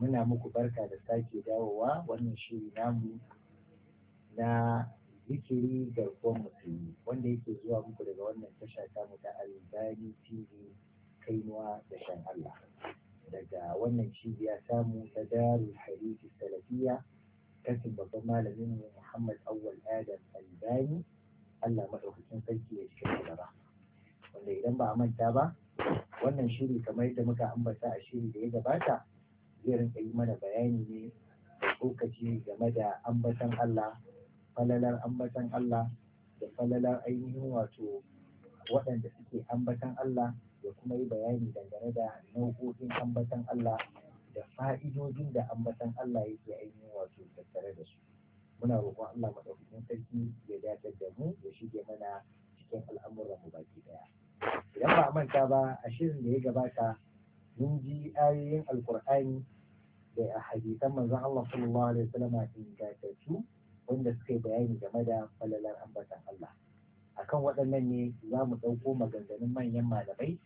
muna muku barka da sake dawowa wannan shiri namu na zikiri garkuwar musulmi wanda yake zuwa muku daga wannan tasha ta mu ta Alibani TV kainuwa da shan Allah daga wannan cibiya samu ta Darul Hadisi Salafiyya kasin babban malamin mu Muhammad Awwal Adam Albani Allah madaukakin sarki ya cikin gaba wanda idan ba a manta ba wannan shiri kamar yadda muka ambata a shiri da ya gabata zai rinka yi mana bayani ne da game da ambatan Allah falalar ambatan Allah da falalar ainihin wato waɗanda suke ambatan Allah da kuma yi bayani dangane da nau'o'in ambatan Allah da fa'idodin da ambatan Allah yake ainihin wato tattare da su muna roƙon Allah maɗaukakin sarki ya dace da mu ya shige mana cikin al'amuran mu baki ɗaya idan ba a manta ba a shirin da ya gabata mun ji ayoyin alkur'ani da a hadisan Manzo Allah sallallahu alaihi wasallam ingantattu wanda suka yi bayani game da falalar ambatan Allah akan waɗannan ne za mu ɗauko maganganun manyan malamai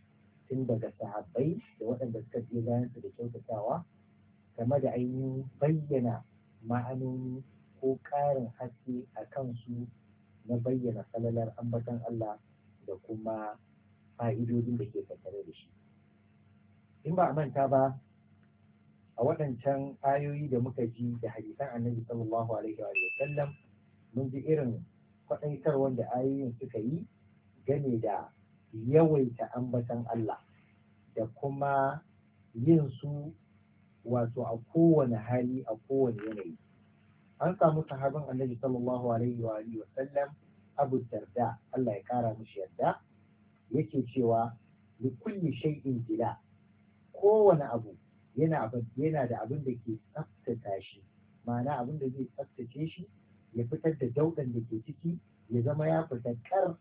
tun daga sahabbai da waɗanda suka je bayan su da kyautatawa game da ainihin bayyana ma'anoni ko ƙarin haske a kansu na bayyana falalar ambatan Allah da kuma fa'idodin da ke tattare da shi. in ba a manta ba a waɗancan ayoyi da muka ji da hadisan annabi sallallahu alaihi wa sallam mun ji irin kwaɗaitar wanda ayoyin suka yi game da yawaita ambatan Allah da kuma yin su wato a kowane hali a kowane yanayi an samu sahabin annabi sallallahu alaihi wa sallam abu darda Allah ya kara mishi yarda yake cewa li kulli shay'in jila kowane abu yana yana da abin da ke tsaftata shi ma'ana abin da zai tsaftace shi ya fitar da dauɗan da ke ciki ya zama ya fita kar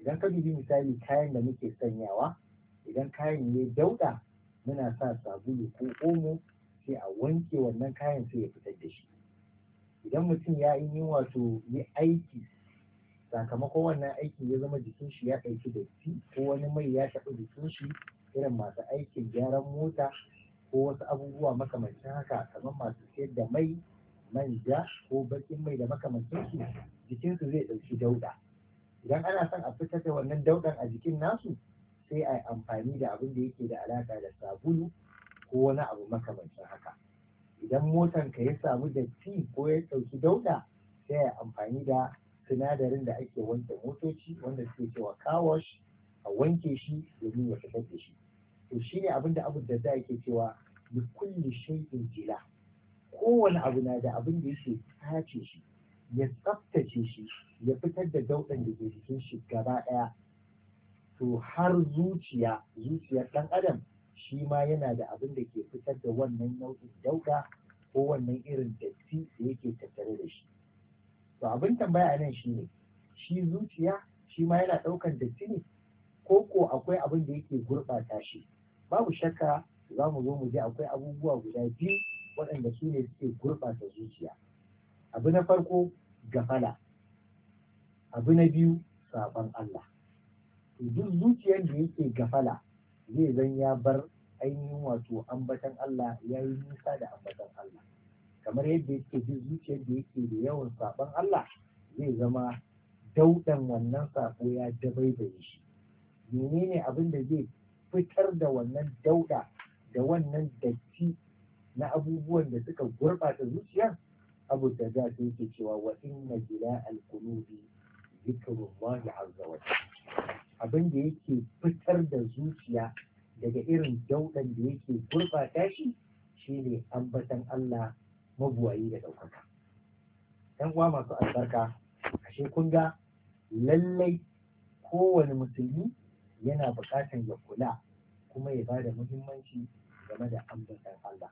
idan ka dubi misali kayan da muke sanyawa idan kayan ya dauɗa muna sa sabulu ko omo sai a wanke wannan kayan sai ya fitar da shi idan mutum ya yi wato yi aiki sakamakon wannan aiki ya zama jikin shi ya ɗauki datti ko wani mai ya taɓa jikin shi irin masu aikin gyaran mota ko wasu abubuwa makamancin haka kamar masu sayar da mai manja ko bakin mai da makamancin su jikinsu zai ɗauki dauɗa idan ana son a fitar da wannan dauɗan a jikin nasu sai a yi amfani da abin da yake da alaƙa da sabulu ko wani abu makamancin haka idan motan ka ya samu datti ko ya ɗauki dauɗa sai a yi amfani da sinadarin da ake wanke motoci wanda suke cewa kawash a wanke shi domin ya fitar da shi to shine abin da abin da yake cewa ya kulle shaikin jila kowane abu na da abin da yake tace shi ya tsaftace shi ya fitar da daudan da ke jikin shi gaba daya to har zuciya zuciyar ɗan adam shi ma yana da abin da ke fitar da wannan nau'in dauka ko wannan irin datti da yake tattare da shi to abin tambaya nan shi ne shi zuciya shi ma yana daukan datti ne ko ko akwai abin da yake gurɓata shi babu shakka za mu zo mu ji akwai abubuwa guda biyu waɗanda su ne suke gurɓata zuciya abu na farko gafala abu na biyu sabon Allah duk zuciyar da yake gafala zai zan ya bar ainihin wato ambatan Allah ya yi nisa da ambatan Allah kamar yadda yake duk zuciyar da yake da yawan sabon Allah zai zama dauɗan wannan sako ya dabaibaye shi menene abin da zai fitar da wannan dauda da wannan datti na abubuwan da suka gurɓata zuciya abu da za su yake cewa wa inna jila al-qulubi zikrullahi azza wa abin da yake fitar da zuciya daga irin daudan da yake gurɓata shi shine ambatan Allah mabuwayi da ɗaukaka ɗan uwa masu albarka ashe kun ga lallai kowane musulmi yana buƙatar ya kula kuma ya bada muhimmanci game da ambatan Allah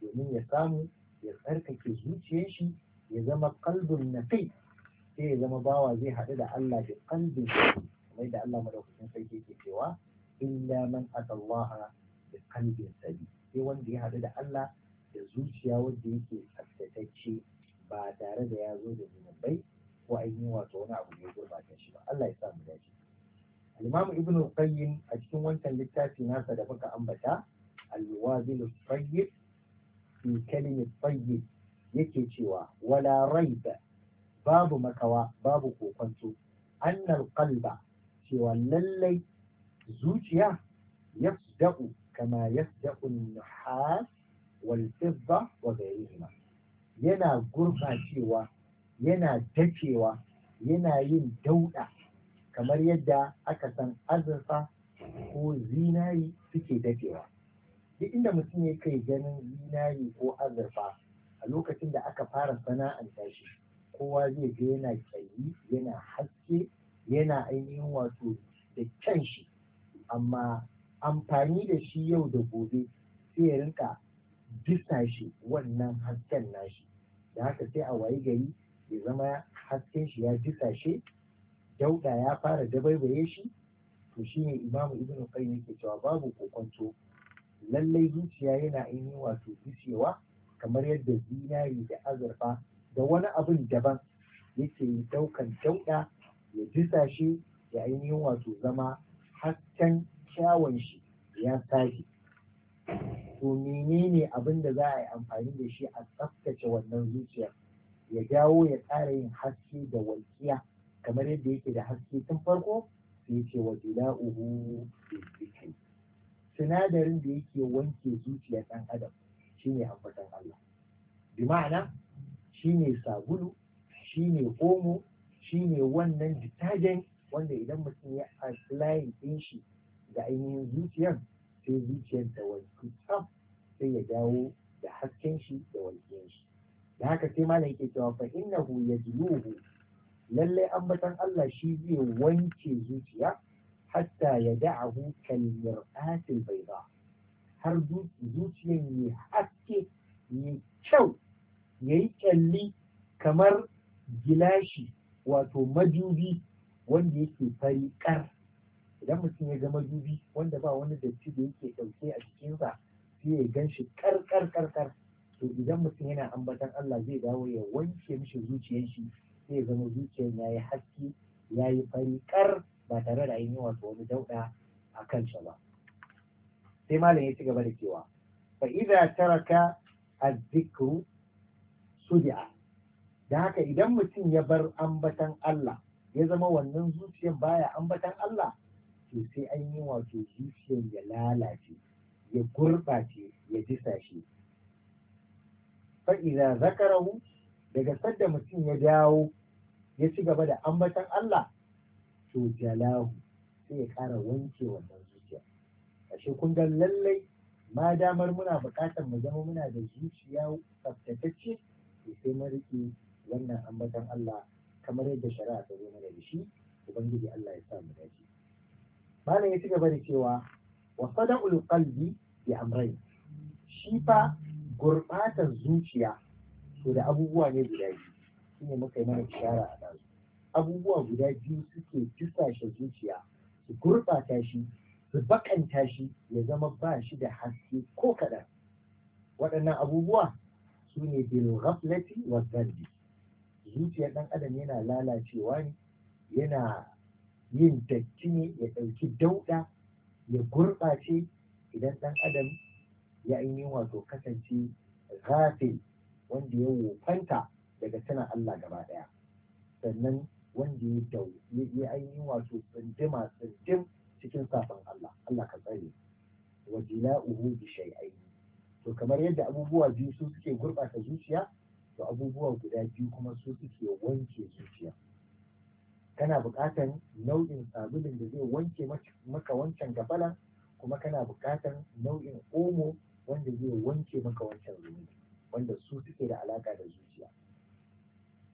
domin ya samu ya tsarkake zuciyar shi ya zama kalbin nafi sai ya zama bawa zai haɗu da Allah da kalbin kamar da Allah madaukakin sarki ke cewa illa man atallaha da kalbin sabi sai wanda ya haɗu da Allah da zuciya wanda yake tsaftatacce ba tare da ya zo da zunubai ko ainihin wato wani abu da ya gurbata shi ba Allah ya sa mu dace al-imam ibn a cikin wancan littafi nasa da muka ambata al-wabil al-tayyib fi yake cewa wala raiba babu makawa babu kokonto annal qalba cewa lallai zuciya yasda'u kama yasda'u an-nuhas wal fidda wa ghayrihima yana gurbacewa yana dacewa yana yin dauɗa. kamar yadda aka san azurfa ko zinari suke dafewa duk inda mutum ya kai ganin zinari ko azurfa a lokacin da aka fara sana'anta shi kowa zai ga yana kyalli yana haske yana ainihin wato da kyan shi amma amfani da shi yau da gobe sai ya rinka bisa shi wannan hasken nashi da haka sai a wayi gari ya zama hasken shi ya bisa shi dauda ya fara dabaibaye shi to shine imamu ibnu qayyim yake cewa babu kokonto lallai zuciya yana ainihin wato bishewa kamar yadda zinari da azurfa da wani abin daban yake daukan dauda ya jisa shi ya ainihin wato zama hasken kyawun shi ya sake to menene abin da za a yi amfani da shi a tsaftace wannan zuciyar ya dawo ya tsara yin haske da walƙiya kamar yadda yake da haske tun farko sai ce wa jila'uhu bizikri sinadarin da yake wanke zuciya ɗan adam shine ambaton Allah bi ma'ana shine sabulu shine omo shine wannan detergent wanda idan mutum ya apply ɗin shi ga ainihin zuciyar sai zuciyar ta wanke sai ya dawo da hasken shi da walƙiyar shi da haka sai malam yake cewa fa innahu yajluhu lallai ambatan Allah shi zai wanke zuciya hatta ya da'ahu kal bai ba, har zuciyan yi haske mai kyau yayi kyalli kamar gilashi wato madubi wanda yake fari idan mutum ya ga majubi wanda ba wani datti da yake ɗauke a jikinsa sai ya gan shi kar to idan mutum yana ambatan Allah zai dawo ya wanke mishi zuciyar shi sai zama zuciyar ya yi haske ya yi fari kar ba tare da yin wasu wani dauɗa a kansa ba sai malam ya ci gaba da cewa fa idza taraka az-zikru sudi'a da haka idan mutum ya bar ambatan Allah ya zama wannan zuciyar baya ambatan Allah to sai an yi wato zuciyar ya lalace ya gurɓace ya disashe fa idza zakarahu daga sadda mutum ya dawo ya ci gaba da ambatan Allah to jalahu sai ya ƙara wanke wannan zuciya ashe kun ga lallai ma damar muna buƙatar mu zama muna da zuciya tsaftatacce to sai mun riƙe wannan ambatan Allah kamar yadda shari'a ta zo mana da shi ubangiji Allah ya sa mu dace malam ya ci gaba da cewa wa sadaqul qalbi bi amrayn shi fa gurbatar zuciya to da abubuwa ne guda biyu shi ne muka yi mana shara a nan abubuwa guda biyu suke dusashe zuciya su gurɓata shi su bakanta shi ya zama ba shi da haske ko kaɗan waɗannan abubuwa su ne bil ghaflati wa dhanbi zuciyar ɗan adam yana lalacewa ne yana yin datti ne ya ɗauki dauɗa ya gurɓace idan ɗan adam ya yi wato kasance ghafil wanda ya wofanta daga tana Allah gaba ɗaya sannan wanda ya dau ya ainihin wato tsindima tsindim cikin safan Allah Allah ka tsare wa jila'uhu bi shay'aini to kamar yadda abubuwa biyu su suke gurɓata zuciya to abubuwa guda biyu kuma su suke wanke zuciya kana buƙatan nau'in sabulin da zai wanke maka wancan gafalan kuma kana buƙatan nau'in omo wanda zai wanke maka wancan zunubi wanda su suke da alaka da zuciya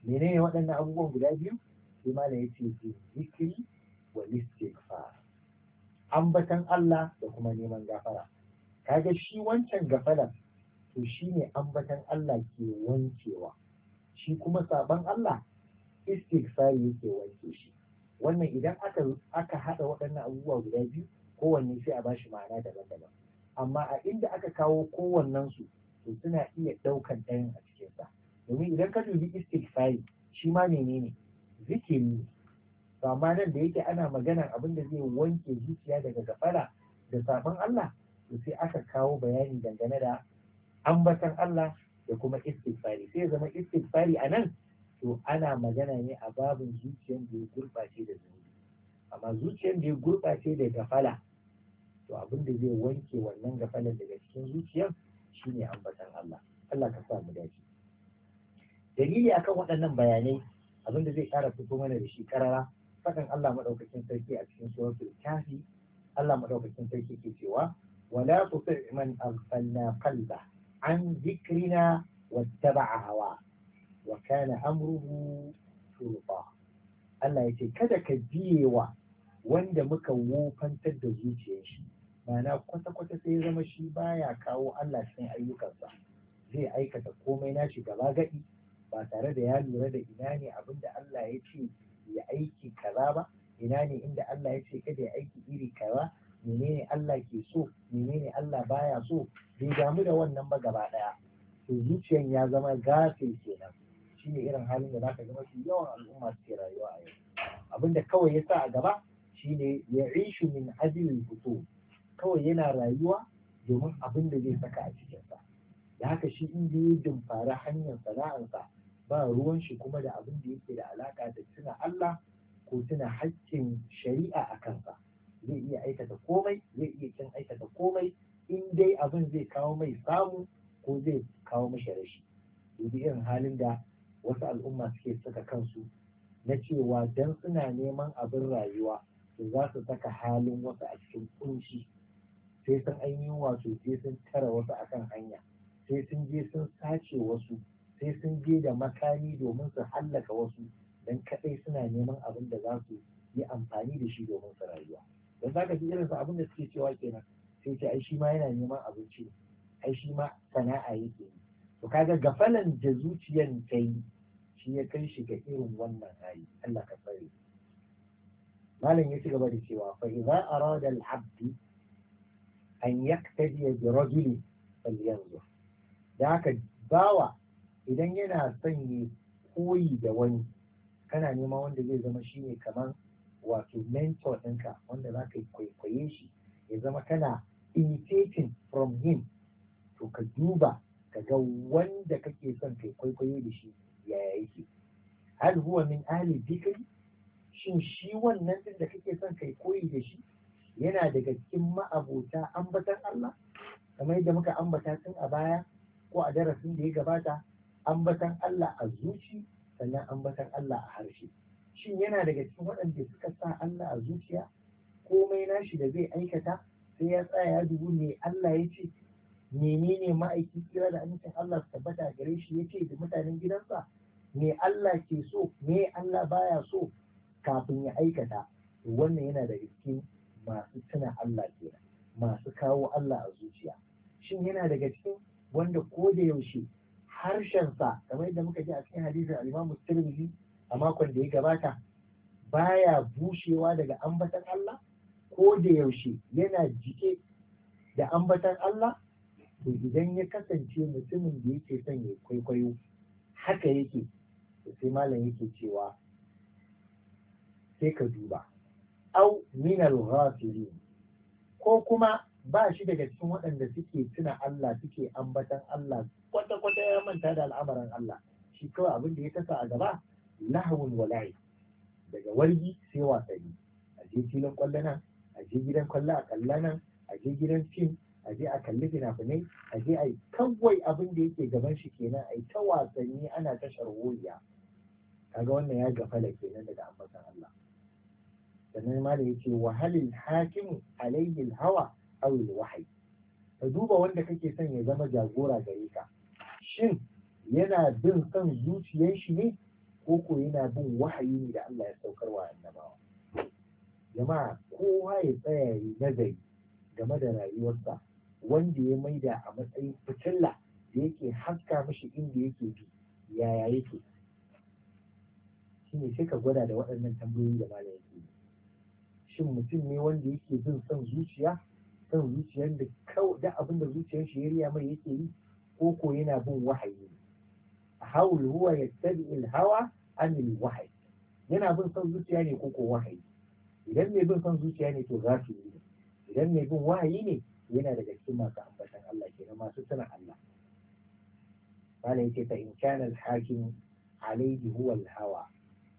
menene waɗannan abubuwan guda biyu sai ya ce zikiri wa istighfar ambatan Allah da kuma neman gafara kaga shi wancan gafaran to shine ambatan Allah ke wancewa shi kuma saban Allah istighfari yake wanke shi wannan idan aka aka hada waɗannan abubuwa guda biyu kowanne sai a bashi ma'ana daban-daban amma a inda aka kawo kowannen su to suna iya ɗaukan ɗayan a cikin sa domin idan ka dubi istighfari shi ma menene zikiri ne to amma nan da yake ana maganar abin da zai wanke zuciya daga gafara da sabon Allah to sai aka kawo bayani dangane da ambatan Allah da kuma istighfari sai zama istighfari a nan to ana magana ne a babin zuciyar da ya gurɓace da zunubi amma zuciyar da ya gurɓace da gafala to abin da zai wanke wannan gafalar daga cikin zuciyar shi ne ambatan Allah Allah ka sa mu dace dalili akan waɗannan bayanai abinda zai ƙara fito mana da shi karara sakan Allah madaukakin sarki a cikin suratul kafi Allah madaukakin sarki ke cewa wala tuti man aghfalna qalba an zikrina wattaba'a hawa wa kana amruhu shurta Allah yace kada ka biyewa wanda muka wofantar da zuciyar shi ma'ana kwata-kwata sai ya zama shi baya kawo Allah cikin ayyukansa zai aikata komai na shi gaba gadi ba tare da ya lura da ina ne abin da Allah ya ce ya aiki kaza ba ina ne inda Allah ya ce kada ya aiki iri kaza menene Allah ke so menene Allah baya so bai damu da wannan ba gaba daya to zuciyan ya zama gafe kenan Shi ne irin halin da zaka ga mafi yawan al'umma suke rayuwa a yau abinda kawai ya sa a gaba shine ya ishu min ajilil futur kawai yana rayuwa domin abin da zai saka a cikinsa da haka shi inda ya dumfara hanyar sana'arsa ba ruwan shi kuma da abin da yake da alaka da tuna Allah ko tuna haƙƙin shari'a a kansa zai iya aikata komai zai iya kin aikata komai in dai abin zai kawo mai samu ko zai kawo mashi rashi dubi irin halin da wasu al'umma suke saka kansu na cewa dan suna neman abin rayuwa to za su saka halin wasu a cikin kunci sai sun ainihin wato sai sun tara wasu a kan hanya sai sun je sun sace wasu sai sun je da makami domin su hallaka wasu don kadai suna neman abin da za su yi amfani da shi domin su rayuwa don za ka ji irin su abin da suke cewa kenan sai ce ai shi ma yana neman abinci ai shi ma sana'a yake yi to kaga gafalan da zuciyan ta yi shi ya kai shi ga irin wannan hali Allah ka tsare malam ya ci gaba da cewa fa idza arada al-abd an yaktaji bi rajuli falyanzur da haka bawa idan yana son ya koyi da wani kana nema wanda zai zama shi ne kamar wato mentor ɗinka wanda za ka kwaikwaye shi ya zama kana imitating from him to ka duba ka ga wanda kake son kai kwaikwayo da shi yaya yake hal huwa min ali dhikri shin shi wannan din da kake son kai koyi da shi yana daga cikin ma'abota ambatan Allah kamar yadda muka ambata tun a baya ko a darasin da ya gabata ambatan Allah a zuci sannan ambatan Allah a harshe shin yana daga cikin waɗanda suka sa Allah a zuciya komai nashi da zai aikata sai ya tsaya ya dubu me Allah ya ce menene ma'aikin kira da amincin Allah su tabbata gare shi ya ce da mutanen gidansa me Allah ke so me Allah baya so kafin ya aikata wannan yana daga cikin masu tuna Allah kenan masu kawo Allah a zuciya shin yana daga cikin wanda ko da yaushe harshen sa kamar yadda muka ji a cikin hadisin al-Imam Tirmidhi a makon da ya gabata baya bushewa daga ambatan Allah ko da yaushe yana jike da ambatan Allah to idan ya kasance mutumin da yake son ya kwaikwayo haka yake sai malam yake cewa sai ka duba au minal ghafilin ko kuma ba shi daga cikin waɗanda suke tuna Allah suke ambatan Allah kwata-kwata ya manta da al'amarin Allah shi kawai abin da ya tasa a gaba lahawun wala'i daga wargi sai wasanni a je filin kwallo nan a je gidan kwallo a kalla nan a je gidan fim a je a kalli fina-finai a je a yi kawai abin da yake gaban shi kenan a yi ta wasanni ana ta sharholiya kaga wannan ya gafala kenan daga ambatan Allah sannan malam yace yake wahalin hakim alayhi hawa aw wahyi ka duba wanda kake son ya zama jagora gare ka shin yana bin son zuciyar shi ne ko ko yana bin wahayi ne da Allah ya saukar wa annabawa jama'a kowa ya tsaya ya nazari game da rayuwarsa wanda ya maida a matsayin fitilla da yake haska mishi inda yake bi yaya yake shine sai ka gwada da waɗannan tambayoyi da malamin shin mutum ne wanda yake bin son zuciya son zuciyar da kawai da abin da zuciyar shi ya mai yake yi ko ko yana bin wahayi haul huwa yattabi'ul hawa anil wahayi yana bin son zuciya ne ko ko wahayi idan mai bin son zuciya ne to zasu yi, idan mai bin wahayi ne yana daga cikin masu ambatan Allah kenan masu tuna Allah wala yake ta in kana al-hakim huwa al-hawa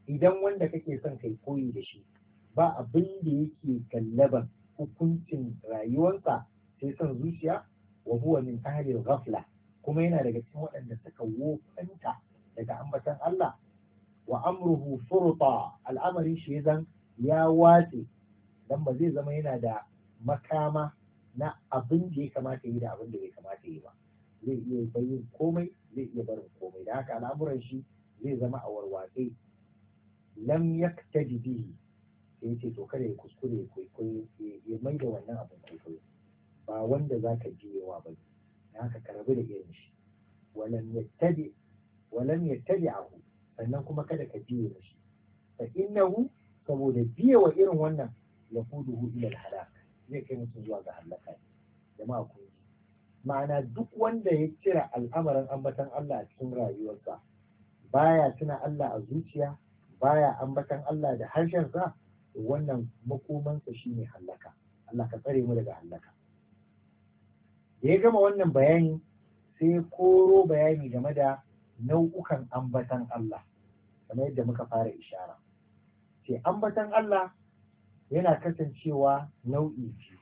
idan wanda kake son kai koyi da shi ba abin da yake gallaban hukuncin rayuwarsa sai son zuciya wa huwa min ahli ghafla kuma yana daga cikin waɗanda suka wofanta daga ambatan Allah wa amruhu furta al'amarin shi zan ya watse dan ba zai zama yana da makama na abin da ya kamata yi da abin da bai kamata yi ba zai iya bayin komai zai iya barin komai da haka al'amuran shi zai zama a warwatse lam yaktaji bihi sai ya ce to kada ya kuskure kwaikwayo ya mai da wannan abin kwaikwayo ba wanda za ka yawa ba na haka ka rabu da irin shi walam yattabi walam yattabi'ahu sannan kuma kada ka biye da shi fa innahu saboda biye wa irin wannan yahuduhu ila al zai kai mutum zuwa ga halaka jama'a kun ma'ana duk wanda ya cira al'amarin ambatan Allah a cikin rayuwarsa baya tuna Allah a zuciya baya ambatan Allah da harshensa wannan makomansa shine hallaka Allah ka tsare mu daga hallaka da ya gama wannan bayani sai koro bayani game da nau'ukan ambatan Allah kamar yadda muka fara ishara ce ambatan Allah yana kasancewa nau'i biyu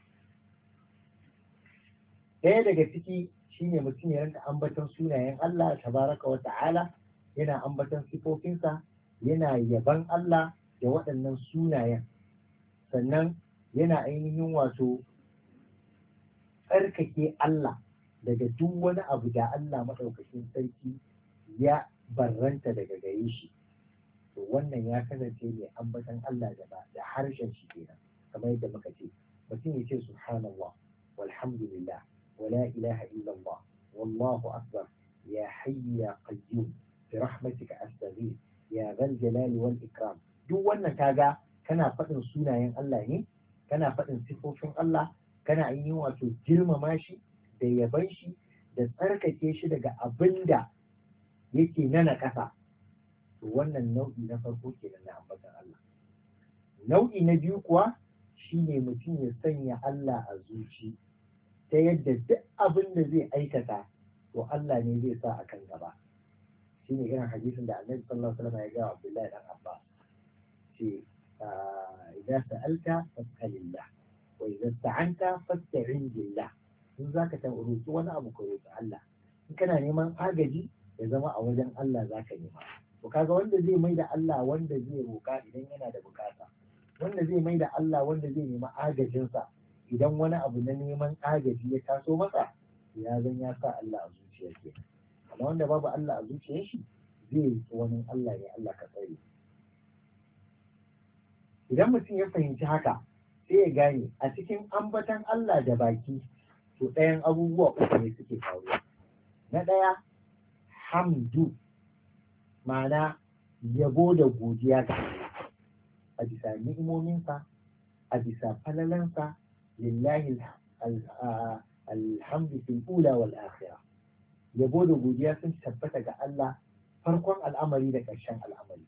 ɗaya daga ciki shine mutum ya rinka ambatan sunayen Allah tabaraka wa ta'ala yana ambatan sifofinsa yana yaban Allah da waɗannan sunayen sannan yana ainihin wato tsarkake Allah daga duk wani abu da Allah maɗaukakin sarki ya barranta daga gare shi to wannan ya kasance mai ambatan Allah da da harshen shi kenan kamar yadda muka ce mutum ya ce subhanallah walhamdulillah wala ilaha illallah wallahu akbar ya hayyu qayyum bi rahmatika astaghith ya dhal jalali wal ikram duk wannan kaga kana faɗin sunayen Allah ne kana faɗin sifofin Allah kana yi wato girmama shi da yaban shi da tsarkake shi daga abinda yake na naƙasa to wannan nau'i na farko kenan na ambaton Allah nau'i na biyu kuwa shine mutum ya sanya Allah a zuci ta yadda duk abin da zai aikata to Allah ne zai sa a kan gaba shine irin hadisin da Annabi sallallahu alaihi wasallam ya ga Abdullahi dan Abbas ce ah, idan sa'alta fas'alillah wa idan sta'anta fasta'in billah in zaka ta roƙi wani abu ka roƙi Allah in kana neman agaji ya zama a wajen Allah zaka nema to kaga wanda zai mai da Allah wanda zai roƙa idan yana da bukata wanda zai mai da Allah wanda zai nema agajinsa idan wani abu na neman agaji ya taso masa ya zan ya sa Allah a zuciya ke amma wanda babu Allah a zuciyar shi zai yi wani Allah ne Allah ka tsare idan mutum ya fahimci haka sai ya gane a cikin ambatan Allah da baki to ɗayan abubuwa uku ne suke faruwa na ɗaya hamdu ma'ana yabo da godiya ga a bisa ni'imominsa a bisa falalansa lillahi alhamdu fil ula wal akhirah yabo da godiya sun tabbata ga Allah farkon al'amari da ƙarshen al'amari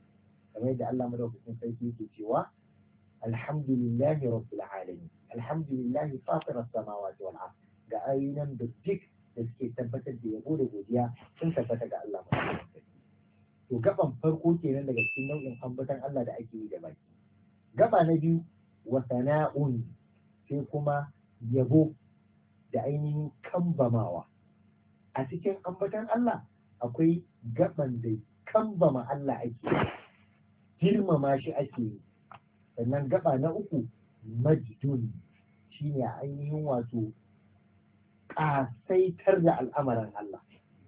kamar yadda Allah madaukakin sarki yake cewa alhamdulillahi rabbil alamin alhamdulillahi fatir samawati wal ard ga ayyunan da duk da suke tabbatar da yabo da godiya sun tabbata ga Allah to gaban farko kenan daga cikin nau'in ambatan Allah da ake yi da baki gaba na biyu wa sana'un sai kuma yabo da ainihin kambamawa a cikin ambatan Allah akwai gaban da kambama Allah ake girmama shi ake sannan gaba na uku majdun shine ainihin wato ƙasaitar da al'amarin Allah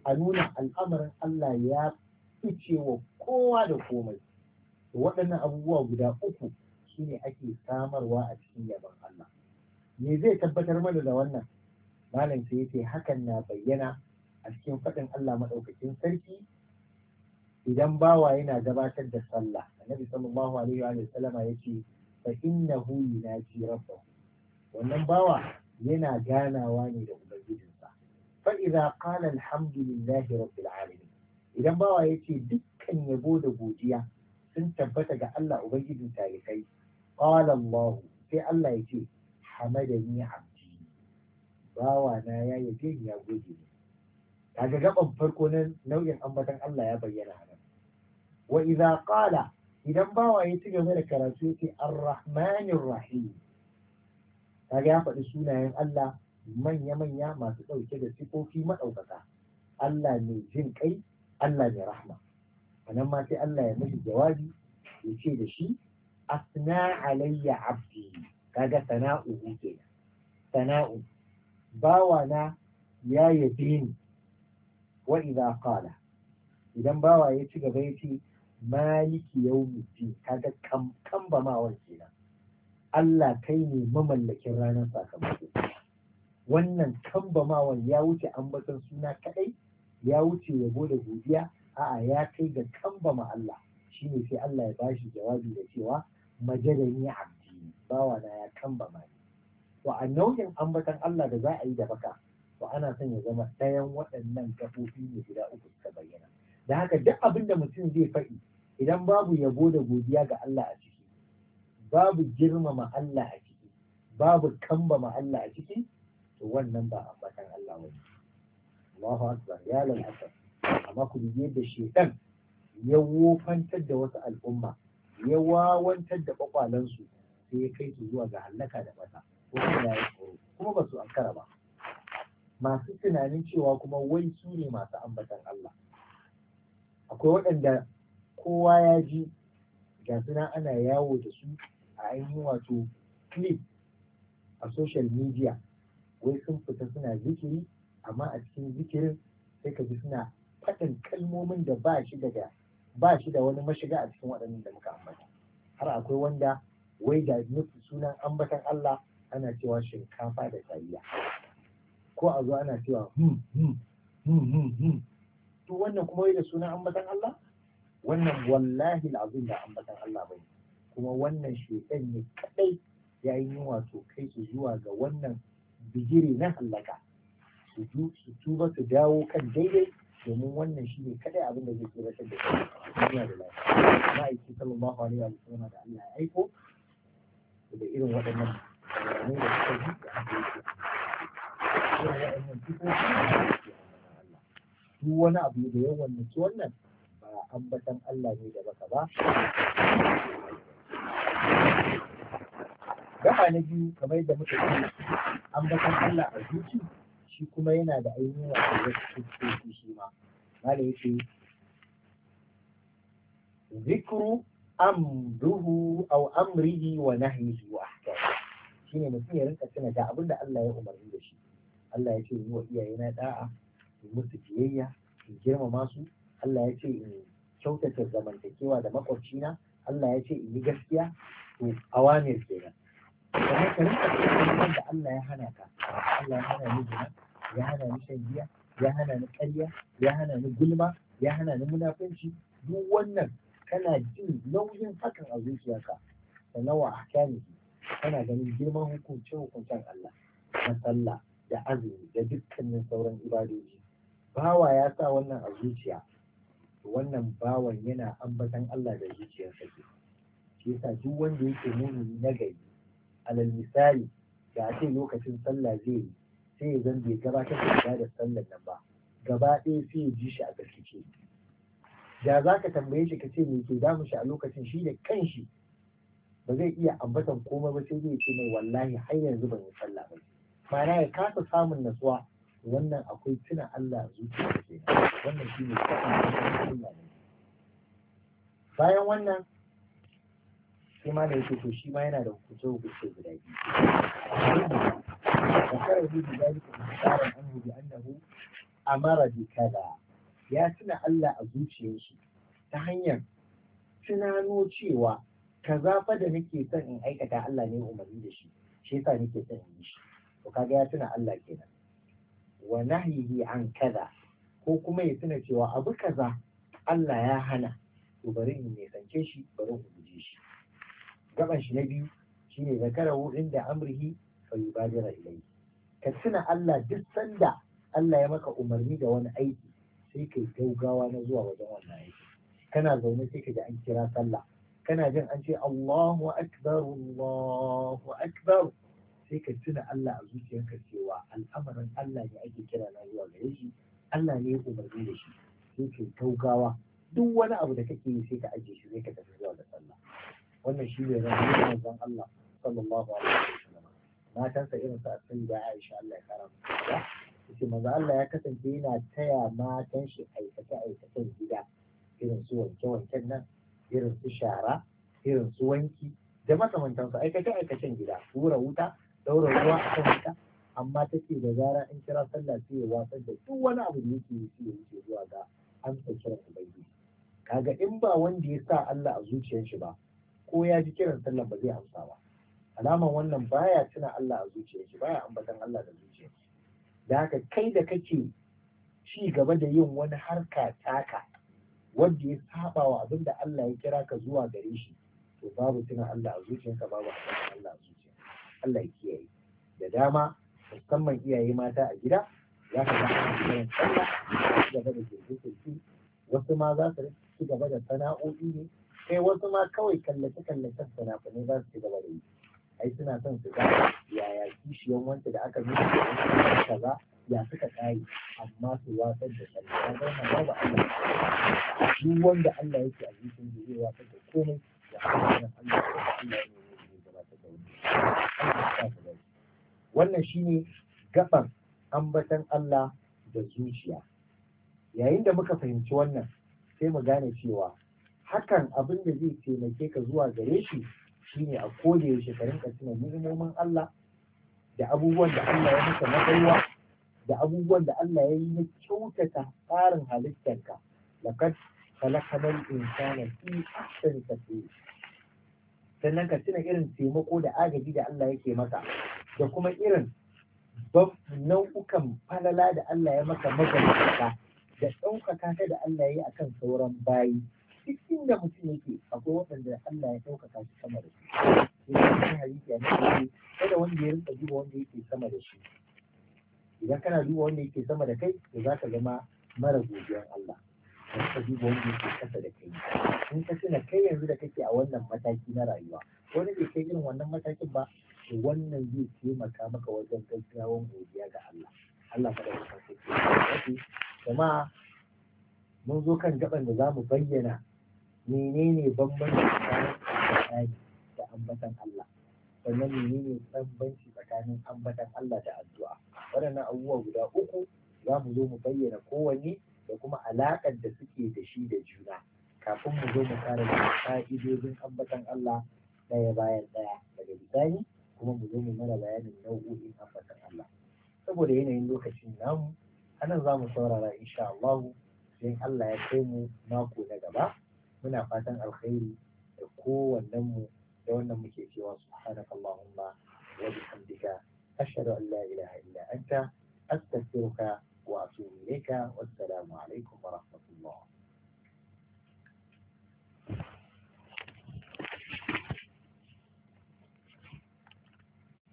a nuna al'amarin Allah ya fice wa kowa da komai waɗannan abubuwa guda uku shine ake samarwa a cikin yaban Allah me zai tabbatar mana da wannan malam sai yace hakan na bayyana a cikin faɗin Allah maɗaukakin sarki idan bawa yana gabatar da sallah annabi sallallahu alaihi wa sallama yace fa innahu yunaji rabbahu wannan bawa yana ganawa ne da ubangijinsa fa idza qala alhamdulillahi rabbil alamin idan bawa yace dukkan yabo da godiya sun tabbata ga Allah ubangijin talikai qala Allah sai Allah yace hamadani abdi bawa na ya yabe ya gode kaga gaban farko na nau'in ambatan Allah ya bayyana wa idza qala idan bawa ya ci gaba da karatu yake ar-rahmanir rahim kaga ya faɗi sunayen Allah manya-manya masu ɗauke da sifofi maɗaukaka Allah mai jin kai Allah ne rahma anan ma sai Allah ya mashi jawabi ya ce da shi asna alayya abdi kaga sana'u kenan sana'u bawana ya yabe ni wa idza qala idan bawa ya ci gaba ya ce maliki yawmiddin kaga kam kambamawar kenan Allah kai ne mamallakin ranar sakamako wannan kambamawan ya wuce ambaton suna kadai ya wuce yabo da godiya a'a ya kai ga kambama Allah shine sai Allah ya bashi jawabi da cewa majalani abdi bawa na ya kambama ba to a nau'in ambaton Allah da za a yi da baka to ana son ya zama ɗayan waɗannan gafofi ne guda uku suka bayyana da haka duk abin da mutum zai faɗi idan babu yabo da godiya ga Allah a ciki babu girmama Allah a ciki babu kambama Allah a ciki to wannan ba ambatan Allah wani Allahu akbar ya lalata amma ku bi yadda shedan ya wofantar da wasu al'umma ya wawantar da kwakwalansu sai ya kai su zuwa ga halaka da bata kuma ba su ankara ba masu tunanin cewa kuma wai su ne masu ambatan Allah akwai waɗanda kowa ya ji ga suna ana yawo da su a ainihin wato clip a social media wai sun fita suna zikiri amma a cikin zikirin sai ka ji suna faɗin kalmomin da ba shi daga ba shi da wani mashiga a cikin waɗannan da muka ambata har akwai wanda wai da nufi sunan ambatan Allah ana cewa shinkafa da tsayiya ko a zo ana cewa hmm hmm hmm hmm, hmm. to wannan kuma da sunan ambatan Allah wannan wallahi alazim da ambatan Allah bai kuma wannan shekan ne kadai ya yi wato kai su zuwa ga wannan bigiri na halaka su tuba su dawo kan daidai domin wannan shi ne kadai abin da zai tsoratar da kai duniya da lafiya ma'aiki sallallahu alaihi wa sallam da Allah ya aiko da irin waɗannan bayanai da suka yi da ake yi duk wani abu da ya wallaki wannan ba ambatan Allah ne da baka ba Gama na biyu kamar da muka ce ambatan Allah a zuci shi kuma yana da ainihin wasu cikin shi ma mala ce zikru amruhu aw amrihi wa nahyihi wa ahkamihi ne mutum ya rinka tuna da abin da Allah ya umarni da shi Allah ya ce ni wa iyayena da'a in musu biyayya in girmama su Allah ya ce in kyautata zamantakewa da makwabcina Allah ya ce in yi gaskiya to awamir kenan kamar ka rinka cikin da Allah ya hana ka Allah ya hana ni zina ya hana ni shan giya ya hana ni ƙarya ya hana ni gulma ya hana ni munafunci duk wannan kana jin nauyin hakan a zuciyarka da nawa a kyanihi kana ganin girman hukunce hukuncen Allah na sallah da azumi da dukkanin sauran ibadoji bawa ya sa wannan a zuciya wannan bawan yana ambatan Allah da zuciyar sa ke shi yasa duk wanda yake mumini na gari alal misali da a ce lokacin sallah zai yi sai ya zan bai gabatar da ibadar sallar nan ba gaba ɗaya sai ya ji shi a gaskice da za ka tambaye shi ka ce me ke damun shi a lokacin shi da kanshi ba zai iya ambatan komai ba sai zai ce mai wallahi har yanzu ban yi sallah ba ma'ana ya kasa samun natsuwa wannan akwai tuna Allah a zuciya ke wannan shi ne bayan wannan sai ma da yake to shi ma yana da hukunce hukunce guda biyu وكره an انتظارا عنه بانه ya tuna Allah a shi, ta hanyar tunano cewa kaza fa da nake son in aikata Allah ne umarni da shi shi yasa nake son in yi shi to kaga ya tuna Allah kenan wa nahyihi an kaza ko kuma ya tuna cewa abu kaza Allah ya hana to bari in nisance shi bari in guje shi gaban shi na biyu shine zakarahu inda amrihi fa yubadira ilayhi ka tuna Allah duk sanda Allah ya maka umarni da wani aiki sai kai gaugawa na zuwa wajen wannan aiki kana zaune sai ka ji an kira sallah kana jin an ce Allahu akbar Allahu akbar sai ka tuna Allah a zuciyarka cewa al'amarin Allah ne ake kira na zuwa gare shi Allah ne ya umarni da shi sai ka gaugawa duk wani abu da kake yi sai ka ajiye shi sai ka tafi zuwa da sallah wannan shi ne rayuwar manzon Allah sallallahu alaihi wasallam matansa irin sa sun da Aisha Allah ya kara yace manzo Allah ya kasance yana taya matan shi aikace aikacen gida irin su wanke wanken nan irin su shara irin su wanki da makamantansu aikace aikacen gida hura wuta daura ruwa a kan wuta amma ta ce da zara in kira sallah sai ya watsar da duk wani abu da yake yi ya wuce zuwa ga amsa kiran ubangiji kaga in ba wanda ya sa Allah a zuciyar shi ba ko ya ji kiran sallah ba zai amsa ba alaman wannan baya tuna Allah a zuciyar shi baya ambatan Allah da zuciyar shi da haka kai da kake ci gaba da yin wani harka taka wanda ya saba wa abinda Allah ya kira ka zuwa gare shi to babu tuna Allah a zuciyarka babu Allah a zuciyarka Allah ya kiyaye da dama musamman iyaye mata a gida za ka ga kayan sallah su gaba da kirki wasu ma za su ci gaba da sana'o'i ne sai wasu ma kawai kallace kallace sana'o'i za su ci gaba da yi ai suna son su ga yaya kishiyan wanda da aka nuna da kaza ya suka tsari amma su watsar da sallah don haka ba Allah duk wanda Allah yake a cikin zai da komai da Allah Allah ya wannan shine gaban ambatan Allah da zuciya yayin da muka fahimci wannan sai mu gane cewa hakan abin da zai taimake ka zuwa gare shi shine a kode yaushe ka rinka tuna Allah da abubuwan da Allah ya maka na gaiwa, da abubuwan da Allah ya yi na kyautata tsarin halittarka laqad khalaqal insana fi ahsani taqwim sannan ka tuna irin taimako da agaji da Allah yake maka da kuma irin nau'ukan falala da Allah ya maka magana da ɗaukaka ta da Allah ya akan sauran bayi duk inda mutum yake akwai waɗanda Allah ya ɗaukaka shi sama da su hadisi a kada wanda ya rinka duba wanda yake sama da shi idan kana duba wanda yake sama da kai to za ka zama mara godiyar Allah ka duba da kasa da kai in ka tuna kai yanzu da kake a wannan mataki na rayuwa wani bai kai irin wannan matakin ba wannan zai taimaka maka wajen gaggawan godiya ga Allah Allah ka da jama'a mun zo kan gaban da zamu bayyana menene bambanci tsakanin da ambatan Allah sannan menene bambanci tsakanin ambatan Allah da addu'a waɗannan abubuwa guda uku za mu zo mu bayyana kowanne da kuma alaƙar da suke da shi da juna kafin mu zo mu kara da ƙa'idojin ambatan Allah ɗaya bayan ɗaya daga bisani kuma mu zo mu mara bayanin nau'o'in ambatan Allah saboda yanayin lokacin namu anan za mu saurara insha Allah sai Allah ya kai mu mako na gaba muna fatan alkhairi da kowannen mu da wannan muke cewa subhanaka allahumma wa bihamdika ashhadu an la ilaha illa anta astaghfiruka وأتوب إليك والسلام عليكم ورحمة الله